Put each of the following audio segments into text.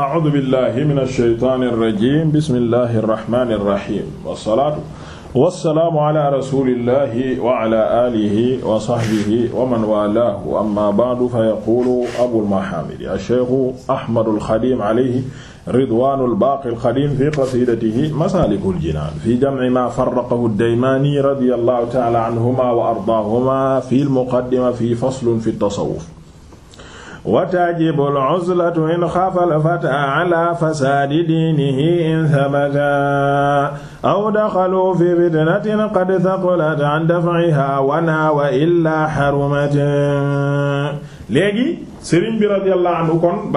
a'uudu billahi mina shaytaani rajiim bismillahi rahmaani rahiim wassalaatu wassalaamu ala rasuulillahi wa ala aalihi wa sahbihi wa man waalaahu amma ba'du fa yaquulu abul mahaamid ash-shaykhu Ahmadul Xadiim alayhi ridwaanul baaqil xadiim fi qasiidatihi masaalikul jinaan fi jamci maa farraqahu ad-Daymaani radiyallahu ta'aala anhumaa wa ardaahumaa fil muqaddima fi faslin fi tasawwuf wa tajibu al-uzlatu in xafa ba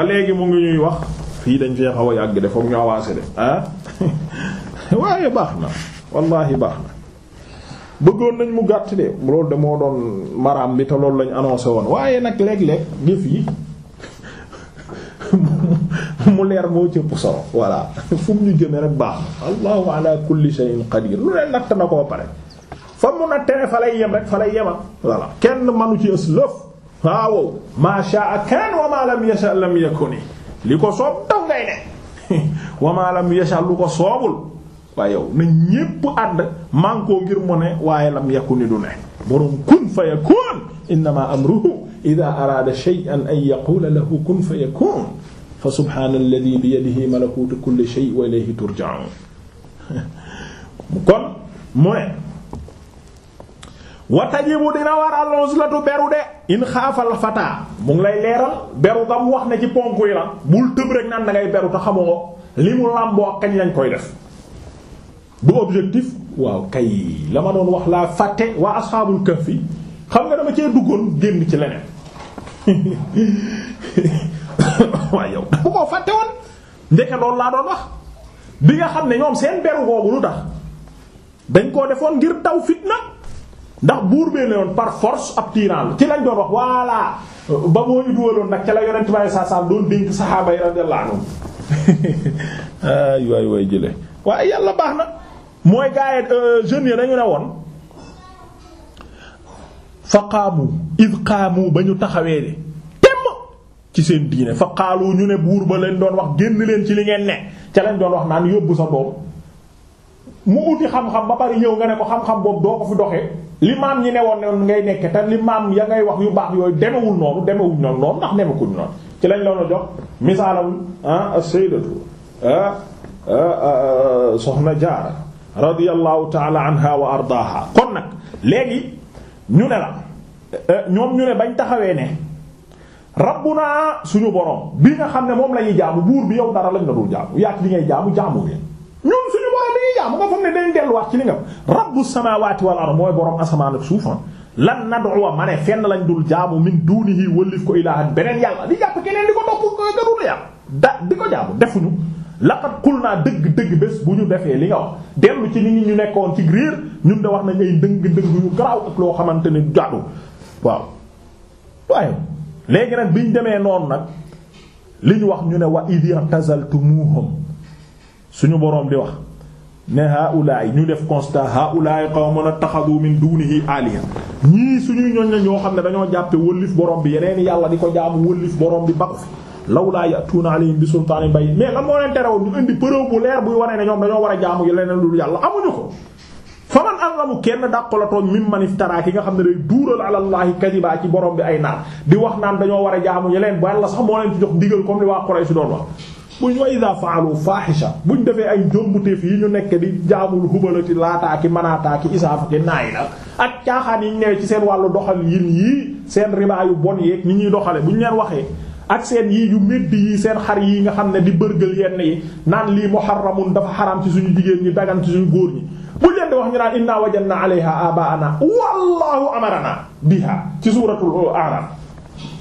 léegi mu wax fii dañ fee a yàgg de foog ah? waaye baax na wallahi baax na bëggoon nañ mu gàtt de loolu de doon maraam bi te loolu lañ annoncé woon waaye nag léeg-léeg gif yi mu leer moo cëpp solo voilà fu mu ñu jëme rek baax na allahu ala kulli shay'in qadir lu na koo fa mun a fa lay kenn manu ci ës lëf ma sha'a kan wa ma lam li ko soob ma lam yasha lu ko soobul waaye yow na ñépp ànd mànkoo ngir mu ne waaye lam yakuni du ne boroom kun fa yakun innama amruhu ida araada shay'an an yaqula lahu kun fa yakun fa subhaanalladi bi yadihi malakuutu kulli shay wa ilayhi turja'un kon mu ne wa dina war al-uzlatu beru de in xaafal fataa mu ngi lay leeral beru gam wax ne ci ponk yi la bul tëb rek naan da beru te xamoo li mu làmboo kañ lañ koy def du objectif waaw kay la ma doon wax laa fàtte waa asxaabul fi xam nga dama cee duggoon génn ci leneen waaye yow bu ko fàtte woon ndeke laa doon wax bi nga xam ne ñoom seen beru googu lu tax dañ koo defoon ngir taw fitna ndax buur bee ne woon par force ab tyran la ci lañ doon wax voilà ba moo ñu duwaloon nag ca la yonent bi saa saa doon dénk saxaaba yi radiyallahu anhum ay waay waay jële waaye yàlla baax na mooy gaay euh, jeunes yi dañu ne woon fa qaamu id qaamu ba ñu taxawee de ci seen diine fa xaalu ñu ne buur ba leen doon wax génn leen ci li ngeen ne ca leen doon wax naan yóbbu sa doom mu uti xam-xam ba bari ñëw nga ne ko xam-xam boobu doo ko fi doxee li maam ñi ne woon ngay nekk te li maam ya ngay wax yu baax yooyu demewul noonu demewuñ noonu noonu ndax nemakuñ noonu ci lañ loon a jox misaalawul ah sayyidatu ah, ah, ah, soxna jaara radiyallahu ta'ala anha wa ardaaha kon nag léegi ñu ne la eh, ñoom ñu ne bañ taxawee ne rabbuna suñu borom bi nga xam ne moom la ñuy jaamu buur bi yow dara lañ la dul jaamu yaak li ngay jaamu jaamu ngeen ñun suñu borom bi ñuy jaamu nga foog ne dañ delluwaat ci li nga rabbu samawati wal ard mooy borom asamaan ak suuf ah. lan nad'u ma ne lañ dul jaamu min dunihi wëllif ko ilaahan beneen ko topp garul yàlla da di ko jaamu defuñu laqad qulna dëgg dëgg bés bu ñu defee li nga wax dellu ci nit ñu nekkoon ci réer ñun de wax nañ ay ndëng ndëng yu garaaw ak loo xamante ne jaadu waaw léegi nag biñ demee noonu nag li ñu wax ñu ne wa idh irtazaltumuhum suñu boroom di wax ne haulaay ñu def constat haulaay qawmun attakhadhu min dunihi aliha ñii suñuy ñoñ la ñoo xam ne dañoo jàppe wëllif borom bi yeneen yàlla di ko jaamu wëllif borom bi ba ko fi lawlaa ya'tuuna alayhim bi sultaanin bayyin mais lan moo leen terewoon ñu indi preuve bu leer buy wane ne ñoom dañoo war a jaamu leneen lu yàlla amuñu ko faman azlamu kenn dàqala toog mimman iftara ki nga xam ne day duural alallahi kadibaa ci borom bi ay naar di wax naan dañoo war a jaamu ñu leen bu yàlla sax moo leen ci jox digal comme li waa Quraysh doon wax buñ wa idha faalu fahisha buñ defee bu njombuteef yi ñu nekk di jaamul hubalati laataaki manaataaki isaafaki naayi la ak caaxaan yi ñu newee ci seen wàllu doxal yin yii seen ribaa yu bon yeeg ñu ñuy doxale buñ leen waxee ak seen yii yu métti yi seen xar yi nga xam ne di bërgël yenn yi naan lii muharramun dafa xaram ci suñu jigéen ñi dagan suñu góor ñi bu leen di wax ñu naan inna wajanna alayha abaana wallahu amarana biha ci suuratul a'raf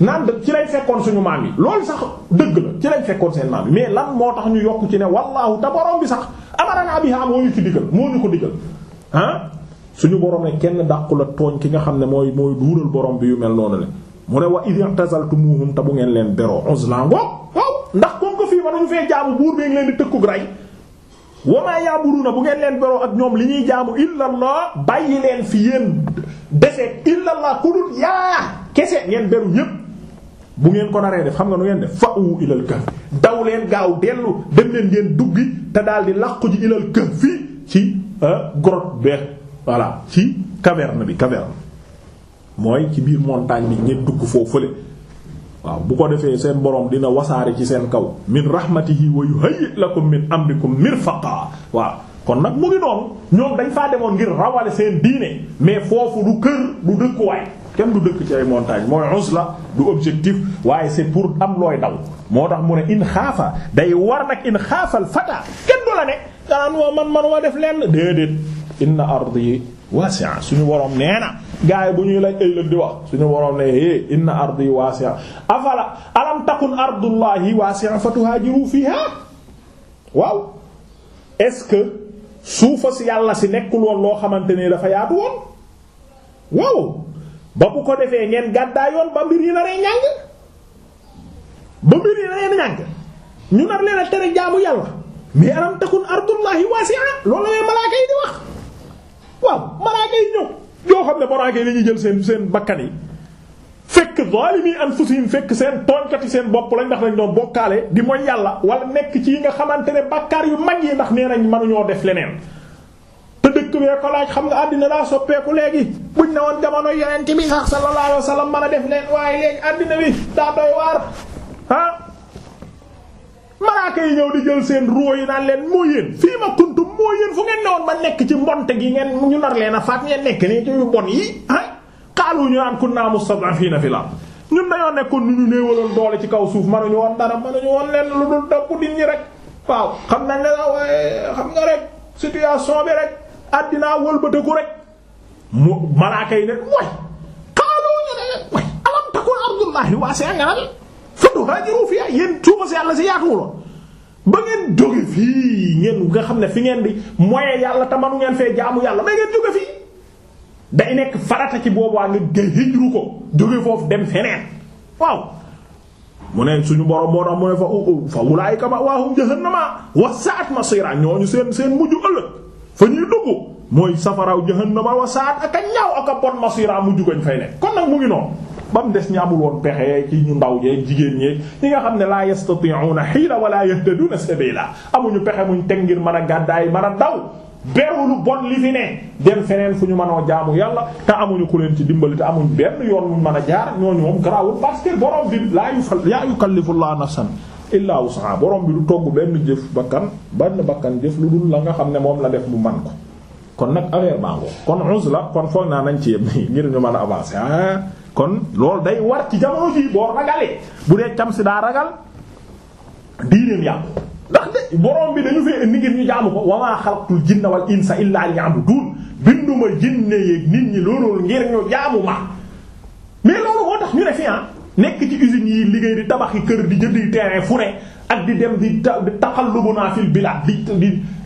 naan ci lañ fekkoon suñu maam yi loolu sax dëgg la ci lañ fekkoon seen maam yi mais lan moo tax ñu yokk ci ne wallaahu te borom bi sax amarana biha moo ñu ci digal moo ñu ko digal ah suñu boroom ne kenn dàqu la tooñ ki nga xam ne mooy mooy duural borom bi yu mel noonu le mu ne wa idh i'tazaltumuhum te bu ngeen leen beroo uzla ngoog waaw ndax comme fii ma buur bee wamaa na bu ngeen leen beroo ak ñoom li ñuy jaamu illallah bàyyi leen fi yéen deseeg illallah ku dul yaa kese ngeen beru ñépp bu ngeen ko naree def xam nga nu ngeen def fa'u ilal kahf daw leen gaaw dellu dem leen ngeen duggi te daal di ci ji ilal fi ci euh, grotte beex voilà ci caverne bi caverne mooy ci biir montagne bi ngeen dugg foofu fële waaw bu ko defee seen borom dina wasaare ci seen kaw min rahmatihi wa yuhayyi lakum min amrikum mirfaqa waaw kon nag mu ngi noonu ñoom dañ faa demoon ngir rawale seen diine mais foofu du kër du dëkkuwaay kenn du dëkk ci ay montagne mooy la du objectif waaye c'est pour am looy daw moo tax mu ne in xaafa day war nag in xaafal fata kenn du la ne danaan man man wa def lenn déedéet inna ardi wasi'a suñu borom nee na gaay bu ñuy laaj ëllëg di wax suñu waroon ne é eh, inna ardi wasi'a afala alam takun ardullahi wasi'a fatuhajiru fiha waaw est-ce que suufa si yàlla si nekkul woon loo xamante ni dafa yaatu woon waaw ba bu ko defee ngeen gàddaa yoon ba mbir yi na rey ñàng ba mbir yi na rey ñàng ñu nar leen a tere jaamu yàlla mais alam takun ardullahi wasi'a loolu la malaaka yi di wax waaw malaaka yi ñëw yoo xam ne boraanke yi dañuy jël seen seen bakkan yi fekk zalimi anfusihim fekk seen tooñkati seen bopp lañ ndax dañ doon bokkaale di mooy yàlla wala nekk ci yi nga xamante ne bakkaar yu mag yi ndax nee nañ mënuñoo def leneen. te dëkk bee ko laaj xam nga àddina daa soppeeku léegi buñ ne woon jamono yonent bi sax sallallahu alayhi wasallam mën a def leen waaye léegi àddina bi daa doy waar ah. malaaka yi ñëw di jël seen roo yi naan leen moo yéen fii ma kuntum moo yéen fu ngeen newoon ba nekk ci mbonte gi ngeen ñu nar leen a faat ngeen nekk nii ci yu bon yi ah xaalu ñu naan kunnaa mustad'afiina fil ard ñun dañoo nekkoon nu ñu néewaloon doole ci kaw suuf mënuñu woon dara mënuñu leen lu dul dëkku rek waaw xam nañ ne la waaye xam nga rek situation bi rek mu malaaka yi ne way xaalu ñu ne way alam takun fatuhaajiru fiihaa yéen suufa si yàlla si yaatuwuloon ba ngeen jóge fii ngeen nga xam ne fi ngeen di moye yàlla te manu ngeen fee jaamu yàlla ba ngeen jóge fii day nekk farata ci boobu nga gay hijru ko jóge foofu dem feneen ne suñu borom moo tax mu ne fa fa ulaayika ma'waahum jahannama wa sa'at masira ñooñu seen seen mujj ëllëg fa ñuy dugg mooy safaraw jahannama wa sa'at ak a ñaaw ak a bon masira mujj gañ fay nekk kon nag mu ngi noonu ba mu des ñi amul woon pexe ci ñu ndaw ñeeg jigéen ñeeg ñi nga xam ne laa yastati'una hiila wala yahtaduna sabila amuñu pexe muñ teg ngir mën a gàddaay mën a daw beru bon li fi ne dem feneen fu ñu mënoo jaamu yàlla te amuñu ku ci dimbali te amuñ benn yoon muñ mën a jaar ñooñu moom garaawul parce que borom bi laa laa yukallifu llahu nafsan illaa wus'aha borom bi du togg benn jëf bakkan benn bakkan jëf lu dul la nga xam ne moom la def mu man ko kon nag affaire bango kon la kon foog naa nañ ci yem ngir ñu mën avancé avancer ah. kon loolu day war ci jamono ji boo ragalee bu dee cam si daa ragal diineem yàqu ndax de borom bi dañu fee indi ngir ñu jaamu ko wa maa xalaqtul jinna wal insa illaa liya'budun binduma jinne yeeg nit ñi loolu ngir ñu jaamu ma mais loolu moo tax ñu ne fi ah nekk ci usines yi liggéey di tabax kër di jënd terrain fu ne ak di dem di ta di taxallubuna fil bilad di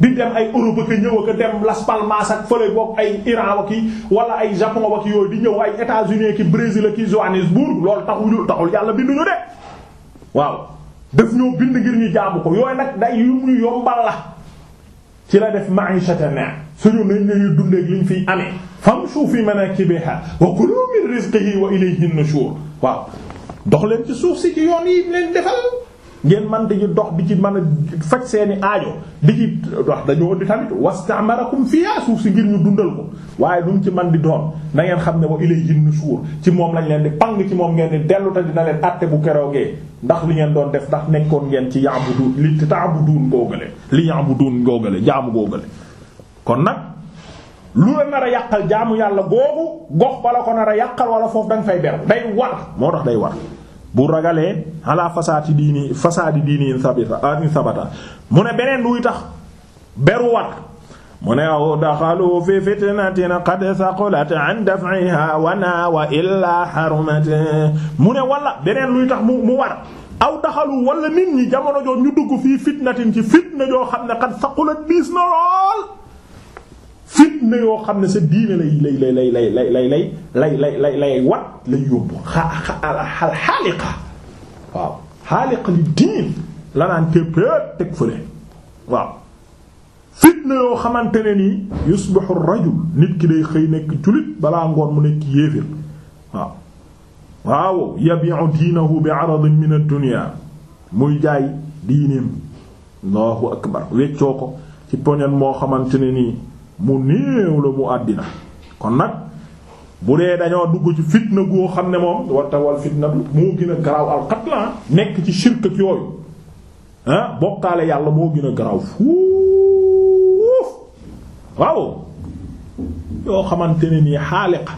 di dem ay Europe ak ñëw ak dem Las Palmas fële boog ay Iran ak wala ay Japon ak yooyu di ñëw ay États-Unis ki Brésil ak Johannesburg loolu taxul taxul yàlla binduñu de waaw daf ñoo bind ngir ñu jaamu ko yoo nag day yu ñu yombal la ci la def ma'ishatana suñu nañ lañuy dundee ak liñ fiy amee famshu fi manakibiha wa kulu min rizqihi wa ilayhi an-nushur waaw dox leen ci suuf si ci yoon yi leen defal ngeen man di dox bi ci man a faj seeni aajo di ci dox dañoo di tamit wastamarakum fiha suuf si ngir ñu dundal ko waaye lu ci man di doon na ngeen xam ne wa ilayhi nushur ci moom lañ leen di pang ci moom ngeen di dellu te dina leen àtte bu ndax li ngeen doon def ndax nekkoon ngeen ci ya'budun li ta'budun góogale li ya'budun góogale jaamu góogale kon nag lu la nar a yàqal jaamu yàlla googu gox bala ko nar a yàqal wala foofu danga fay beru day war moo tax day war bu ragalee ala fasaati diini fasaadi diini sabita ani sabata mu ne beneen luy tax beruwat mu ne aw daxalu fi fitnatin qad saqulat an daf'iha wana wa illa harumat mu ne wala beneen luy tax mu mu war aw daxalu wala nit ñi jamono joo ñu dugg fii fitnatin ci fitna joo xam ne qad saqulat diis na lool fitna yoo xam ne sa diine lay lay lay lay lay lay lay lay wat lay yóbbu xaa xaaliqa waaw xaaliqa li diin la naan téppéet teg fële waaw fitna yoo xamante ne nii yusbihu rajul nit ki day xëy nekk jullit balaa ngoon mu nekk yéefir waaw waaw yabi'u diinahu bi 'aradin min ad-dunya muy jaay diineem Allahu akbar weccoo ko ci poñan moo xamante ne nii mu néew la mu àddina kon nag bu dee dañoo dugg ci fitna goo xam ne moom wartawal fitna moo gën a garaaw alxatla nekk ci shirk ak yooyu ah bokkaale yàlla moo gin a garaaw fuuf waaw yoo xamante ne nii xaaliqa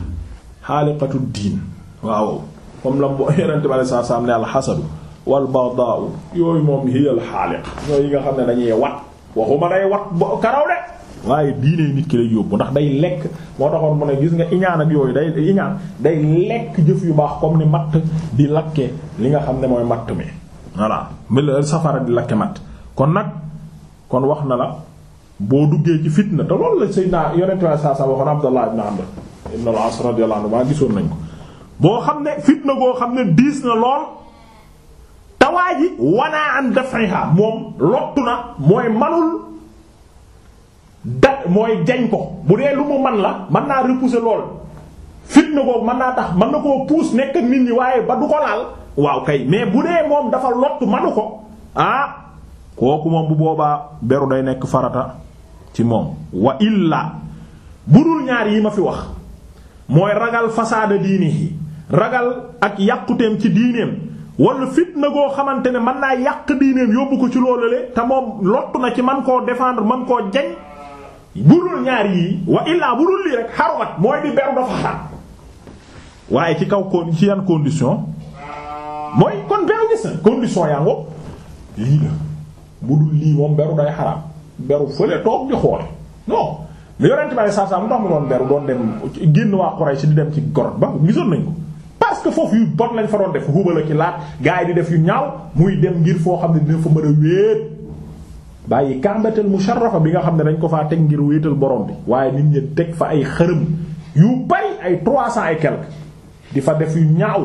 xaaliqatu diin waaw comme la mu yonente bi wal baghda'u yooyu moom hiya al xaaliq ñooyu yi nga xam ne dañuy wat waxuma day wat karaw de waaye diine nit ki lay yóbbu ndax day lekk moo taxoon mu ne gis nga iñaan ak yooyu day iñaan day lekk jëf yu baax comme ni matt di lakke li nga xam ne mooy matt mi voilà mel safara di lakke matt kon nag kon wax na la boo duggee ci fitna te loolu la Seydina yonent waaye saa saa waxoon Abdallah ibn Amr ibn al-As radiyallahu anhu gisoon nañ ko boo xam ne fitna goo xam ne diis na lool tawaaji wanaa an daf'iha moom lottu na mooy manul da mooy jañ ko bu dee lu mu man la mën naa repousser lool fitna boobu mën naa tax mën na koo puus nekk nit ñi waaye ba du ko laal waaw kay mais bu dee moom dafa lott manu ko ah kooku moom bu boobaa beru day nekk farata ci moom wa illa bu dul ñaar yi ma fi wax mooy ragal fasaada diini yi ragal ak yàquteem ci diineem fit na koo xamante ne mën naa yàq diineem yóbbu ko ci loolale te moom lott na ci man koo défendre man koo jañ budul ñaar yii wa illaa budul lii rek xarumat mooy di beru dafa xaram waaye ci kaw kon ci yan condition mooy kon beru gis na condition lii la budul lii moom beru day xaram beru fële toog di xoole non lu yorente bale saa-saa mu tax mu doon beru doon dem génn waa Quraysh di dem ci gorot ba gisoon nañ ko parce que foofu yu bon lañ fa doon def hubala ci laat gars yi di def yu ñaaw muy dem ngir foo xam ne dina fa mën wéet bàyyi kàmbatal musharrafa bi nga xam ne dañ ko faa teg ngir wéetal borom bi waaye nit ñi teg fa ay xërëm yu bari ay trois cent et quelque di fa def yu ñaaw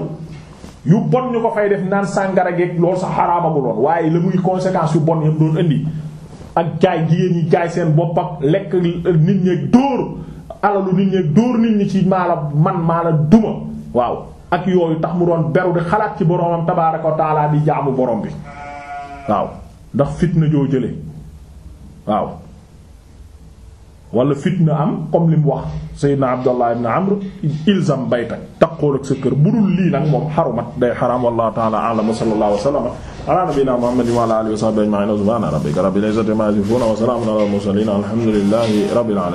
yu bon ñu ko fay def naan sàngara geeg loolu sax xaraamaguloon waaye la muy conséquence yu bon yam doon indi ak jaay jigéen ñi jaay seen bopp ak lekk nit ñeeg dóor alalu nit ñeeg dóor nit ñi ci maala man maala duma waaw ak yooyu tax mu doon beru di xalaat ci boromam tabaaraka wa taala di jaamu borom bi waaw ndax fitna joo jële waaw wala fitna am comme li mu wax Seydina Abdallah ibn Amr ilzam baytak taqool ak sa kër bu dul lii nag moom xarumat day xaraam wallahu ta'ala a'lam wa sallallahu wa sallama ala nabiyyina muhammadin wa ala alihi wa wa salamun ala al mursalin alhamdulillahi rabbil alamin